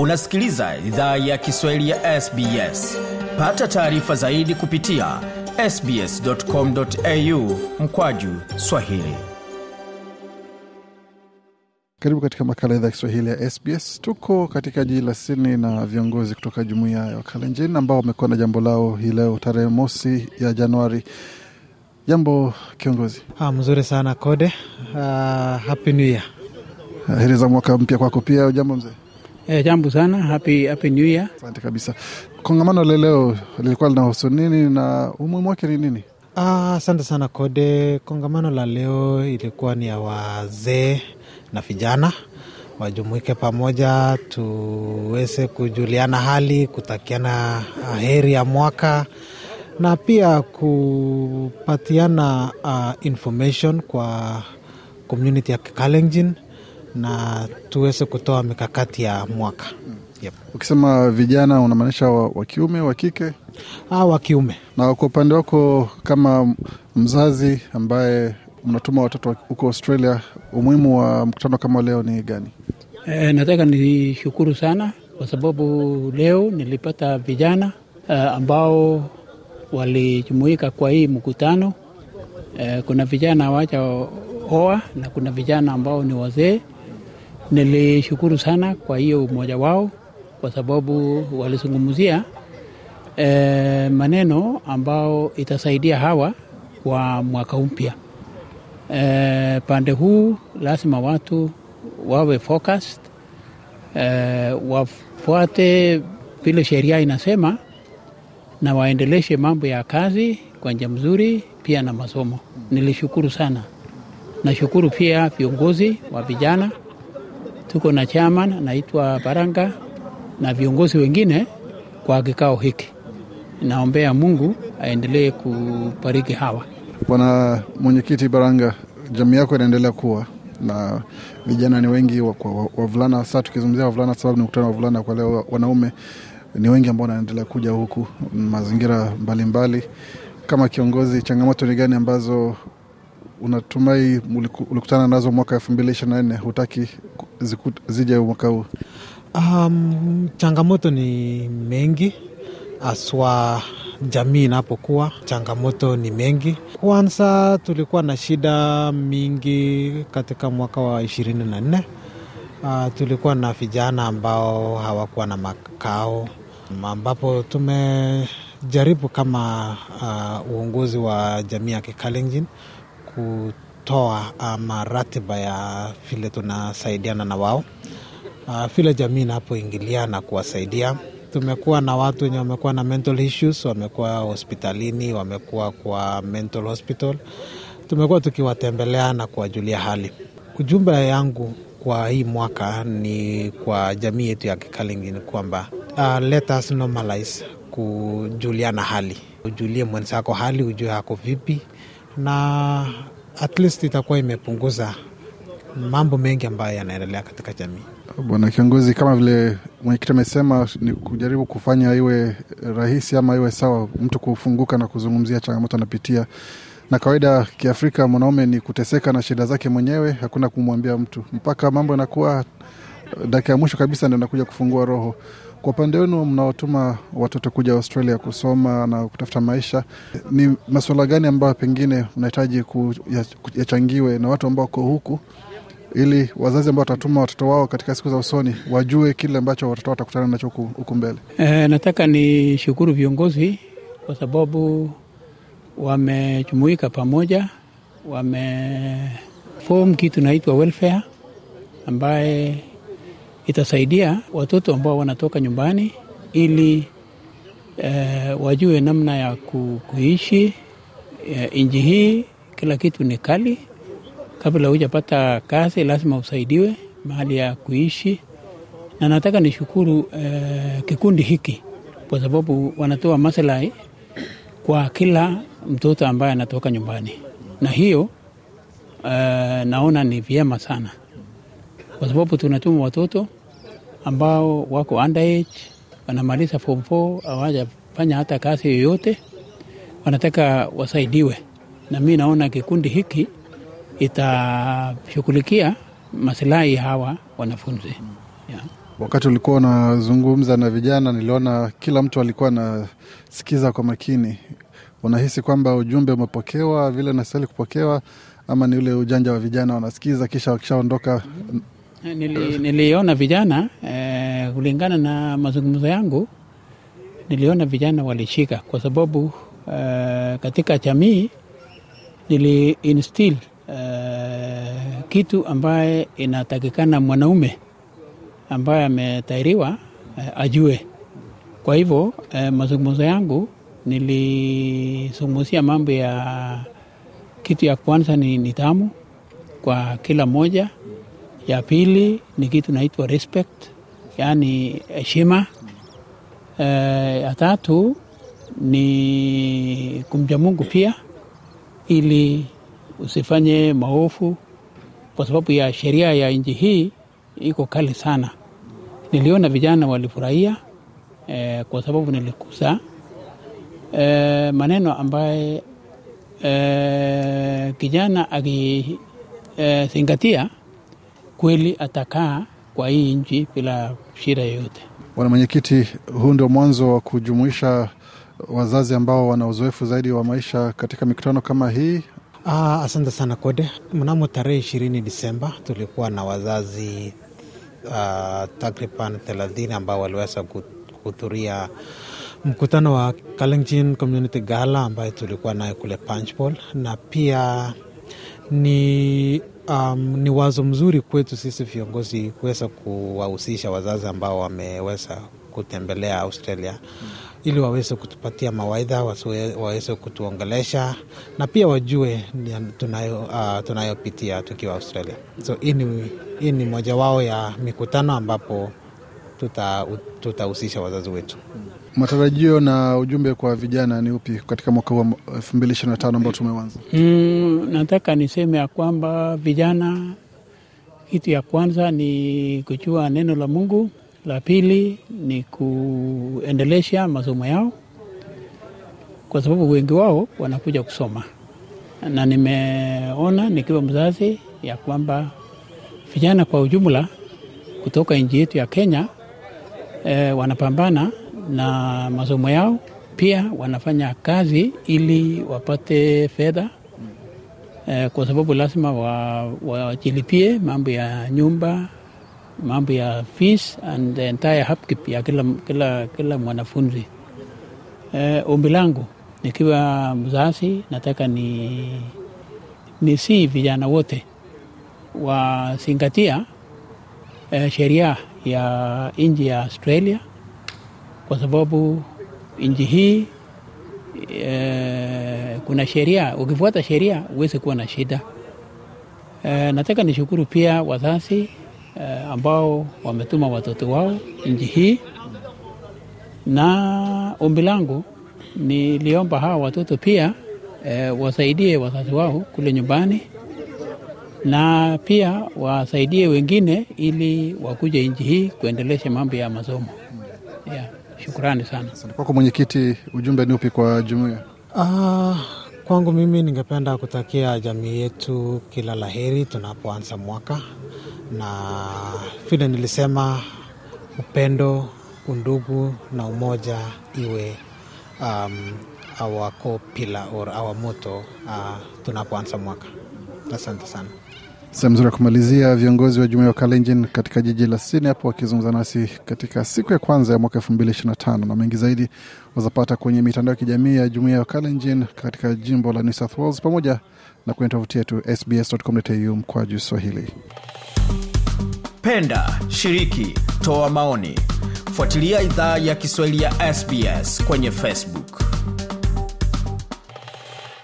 unasikiliza idhaa ya kiswahili ya sbs pata taarifa zaidi kupitia sbscomau mkwaju swahili karibu katika makala idhaa ya kiswahili ya sbs tuko katika jiji la sini na viongozi kutoka jumuiya ya wakalenjin ambao wamekuwa na jambo lao hii leo tarehe mosi ya januari jambo kiongozi ha, ah, mzuri sana kode uh, happy new year ah, heri za mwaka mpya kwako pia jambo mzee E, jambo sana, happy, happy new year. Asante kabisa. Kongamano la leo lilikuwa linahusu nini na umuhimu wake ni nini? Ah, asante ah, sana Kode. Kongamano la leo ilikuwa ni ya wazee na vijana wajumuike pamoja, tuweze kujuliana hali, kutakiana heri ya mwaka na pia kupatiana uh, information kwa community ya Kalenjin na tuweze kutoa mikakati ya mwaka yep. Ukisema vijana unamaanisha wa kiume wa kike? Ah, wa kiume. Na kwa upande wako kama mzazi ambaye mnatuma watoto huko Australia, umuhimu wa mkutano kama leo ni gani? E, nataka nishukuru sana kwa sababu leo nilipata vijana uh, ambao walijumuika kwa hii mkutano uh, kuna vijana wacha oa na kuna vijana ambao ni wazee Nilishukuru sana kwa hiyo umoja wao, kwa sababu walizungumzia e, maneno ambao itasaidia hawa kwa mwaka mpya. E, pande huu lazima watu wawe focused, e, wafuate vile sheria inasema na waendeleshe mambo ya kazi kwa njia mzuri, pia na masomo. Nilishukuru sana, nashukuru pia viongozi wa vijana tuko na chairman anaitwa Baranga na viongozi wengine kwa kikao hiki. Naombea Mungu aendelee kubariki hawa. Bwana Mwenyekiti Baranga, jamii yako inaendelea kuwa na vijana ni wengi, wavulana wa, wa saa tukizungumzia wavulana sababu ni mkutano wa wavulana kwa leo, wanaume ni wengi ambao wanaendelea kuja huku mazingira mbalimbali mbali. Kama kiongozi, changamoto ni gani ambazo unatumai ulikutana nazo mwaka elfu mbili ishirini na nne hutaki zije mwaka huu? Um, changamoto ni mengi haswa jamii inapokuwa, changamoto ni mengi. Kwanza tulikuwa na shida mingi katika mwaka wa ishirini na nne. Uh, tulikuwa na vijana ambao hawakuwa na makao mm, ambapo tumejaribu kama uh, uongozi wa jamii ya Kikalenjin kutoa um, ah, ratiba ya vile tunasaidiana na wao ah, vile jamii inapoingilia na kuwasaidia. Tumekuwa na watu wenye wamekuwa na mental issues, wamekuwa hospitalini, wamekuwa kwa mental hospital. Tumekuwa tukiwatembelea na kuwajulia hali. Ujumbe yangu kwa hii mwaka ni kwa jamii yetu ya ni kwamba uh, let us normalize kujuliana hali, ujulie mwenzako hali, ujue ako vipi na at least itakuwa imepunguza mambo mengi ambayo yanaendelea katika jamii. Bwana kiongozi, kama vile mwenyekiti amesema, ni kujaribu kufanya iwe rahisi ama iwe sawa mtu kufunguka na kuzungumzia changamoto anapitia. Na kawaida Kiafrika mwanaume ni kuteseka na shida zake mwenyewe, hakuna kumwambia mtu mpaka mambo yanakuwa dakika ya mwisho kabisa ndio nakuja kufungua roho. Kwa upande wenu mnaotuma watoto kuja Australia kusoma na kutafuta maisha, ni masuala gani ambayo pengine mnahitaji yachangiwe na watu ambao wako huku, ili wazazi ambao watatuma watoto wao katika siku za usoni wajue kile ambacho watoto watakutana nacho huku mbele? E, nataka nishukuru viongozi kwa sababu wamejumuika pamoja, wamefom kitu naitwa welfare ambaye itasaidia watoto ambao wanatoka nyumbani ili e, wajue namna ya kuishi e, nchi hii. Kila kitu ni kali. Kabla hujapata kazi, lazima usaidiwe mahali ya kuishi, na nataka nishukuru e, kikundi hiki kwa sababu wanatoa maslahi kwa kila mtoto ambaye anatoka nyumbani, na hiyo e, naona ni vyema sana kwa sababu tunatuma watoto ambao wako underage wanamaliza form 4 hawajafanya hata kazi yoyote, wanataka wasaidiwe, na mi naona kikundi hiki itashughulikia masilahi hawa wanafunzi yeah. Wakati ulikuwa unazungumza na vijana, niliona kila mtu alikuwa anasikiza kwa makini. Unahisi kwamba ujumbe umepokewa vile nastahili kupokewa, ama ni ule ujanja wa vijana wanasikiza kisha wakishaondoka Nili, niliona vijana eh, kulingana na mazungumzo yangu niliona vijana walishika kwa sababu eh, katika jamii nili instill eh, kitu ambaye inatakikana mwanaume ambaye ametairiwa eh, ajue. Kwa hivyo eh, mazungumzo yangu nilizungumzia mambo ya kitu ya kwanza ni nidhamu kwa kila mmoja ya pili ni kitu naitwa respect, yaani heshima. E, ya tatu ni kumja Mungu pia, ili usifanye maofu kwa sababu ya sheria ya nchi hii iko kali sana. Niliona vijana walifurahia e, kwa sababu nilikusa e, eh, maneno ambaye e, kijana akizingatia e, kweli atakaa kwa hii nchi bila shida yoyote. Bwana Mwenyekiti, huu ndio mwanzo wa kujumuisha wazazi ambao wana uzoefu zaidi wa maisha katika mikutano kama hii. Ah, asante sana Kode. Mnamo tarehe ishirini Disemba tulikuwa na wazazi ah, takriban thelathini ambao waliweza kuhudhuria mkutano wa Kalenjin Community Gala ambayo tulikuwa nayo kule Punchbowl, na pia ni Um, ni wazo mzuri kwetu sisi viongozi kuweza kuwahusisha wazazi ambao wameweza kutembelea Australia hmm. ili waweze kutupatia mawaidha, waweze kutuongelesha na pia wajue tunayo, uh, tunayopitia tukiwa Australia. So hii ni moja wao ya mikutano ambapo tutahusisha tuta wazazi wetu. Hmm. Matarajio na ujumbe kwa vijana ni upi katika mwaka huu elfu mbili ishirini na tano ambao tumeanza? Mm, nataka niseme ya kwamba vijana, kitu ya kwanza ni kujua neno la Mungu, la pili ni kuendelesha masomo yao, kwa sababu wengi wao wanakuja kusoma, na nimeona nikiwa mzazi ya kwamba vijana kwa ujumla kutoka nchi yetu ya Kenya eh, wanapambana na masomo yao, pia wanafanya kazi ili wapate fedha e, kwa sababu lazima wajilipie wa mambo ya nyumba, mambo ya fees and the entire upkeep ya kila, kila, kila mwanafunzi. Eh, ombi langu nikiwa mzazi nataka ni, ni si vijana wote wazingatia e, sheria ya nchi ya Australia kwa sababu nchi hii e, kuna sheria. Ukifuata sheria huwezi kuwa na shida. E, nataka nishukuru pia wazazi e, ambao wametuma watoto wao nchi hii, na ombi langu niliomba hawa watoto pia e, wasaidie wazazi wao kule nyumbani na pia wasaidie wengine ili wakuje nchi hii kuendelesha mambo ya masomo yeah. Shukrani sana. kwako mwenyekiti, ujumbe ni upi kwa jumuiya? Ah, kwangu mimi ningependa kutakia jamii yetu kila laheri tunapoanza mwaka, na vile nilisema, upendo, undugu na umoja iwe um, awako pila or awa moto uh, ah, tunapoanza mwaka. Asante sana. Sehemu nzuri ya kumalizia. Viongozi wa jumuiya ya Kalenjin katika jiji la Sydney hapo wakizungumza nasi katika siku ya kwanza ya mwaka elfu mbili ishirini na tano na mengi zaidi wazapata kwenye mitandao ya kijamii ya jumuiya ya Kalenjin katika jimbo la New South Wales pamoja na kwenye tovuti yetu sbs.com.au juu Swahili. Penda, shiriki, toa maoni, fuatilia idhaa ya Kiswahili ya SBS kwenye Facebook.